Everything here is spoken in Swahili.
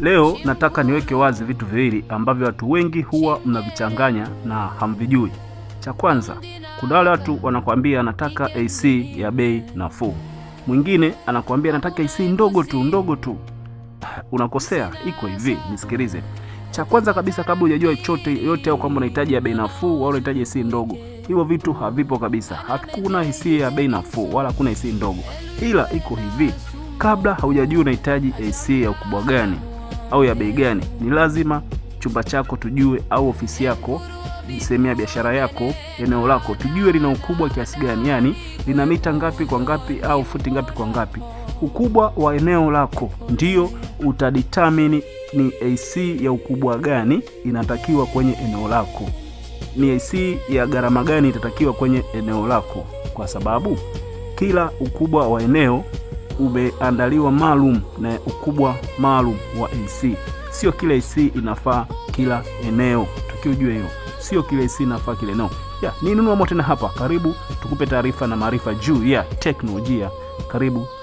Leo nataka niweke wazi vitu viwili ambavyo watu wengi huwa mnavichanganya na hamvijui. Cha kwanza, kuna wale watu wanakwambia nataka AC ya bei nafuu, mwingine anakwambia nataka AC ndogo tu ndogo tu. Unakosea, iko hivi, nisikilize. Cha kwanza kabisa, kabla hujajua chochote yote, au kwamba unahitaji ya bei nafuu au unahitaji AC ndogo, hivyo vitu havipo kabisa. Hakuna AC ya bei nafuu wala hakuna AC ndogo, ila iko hivi, kabla haujajua unahitaji AC ya ukubwa gani au ya bei gani? Ni lazima chumba chako tujue, au ofisi yako, sehemu ya biashara yako, eneo lako tujue lina ukubwa kiasi gani, yani lina mita ngapi kwa ngapi au futi ngapi kwa ngapi. Ukubwa wa eneo lako ndio utadetermine ni AC ya ukubwa gani inatakiwa kwenye eneo lako, ni AC ya gharama gani itatakiwa kwenye eneo lako, kwa sababu kila ukubwa wa eneo umeandaliwa maalum na ukubwa maalum wa AC. Sio kila AC inafaa kila eneo, tukiujue hiyo. Sio kila AC inafaa kila eneo. Yeah, ni nunua moto tena hapa, karibu tukupe taarifa na maarifa juu ya teknolojia. Karibu.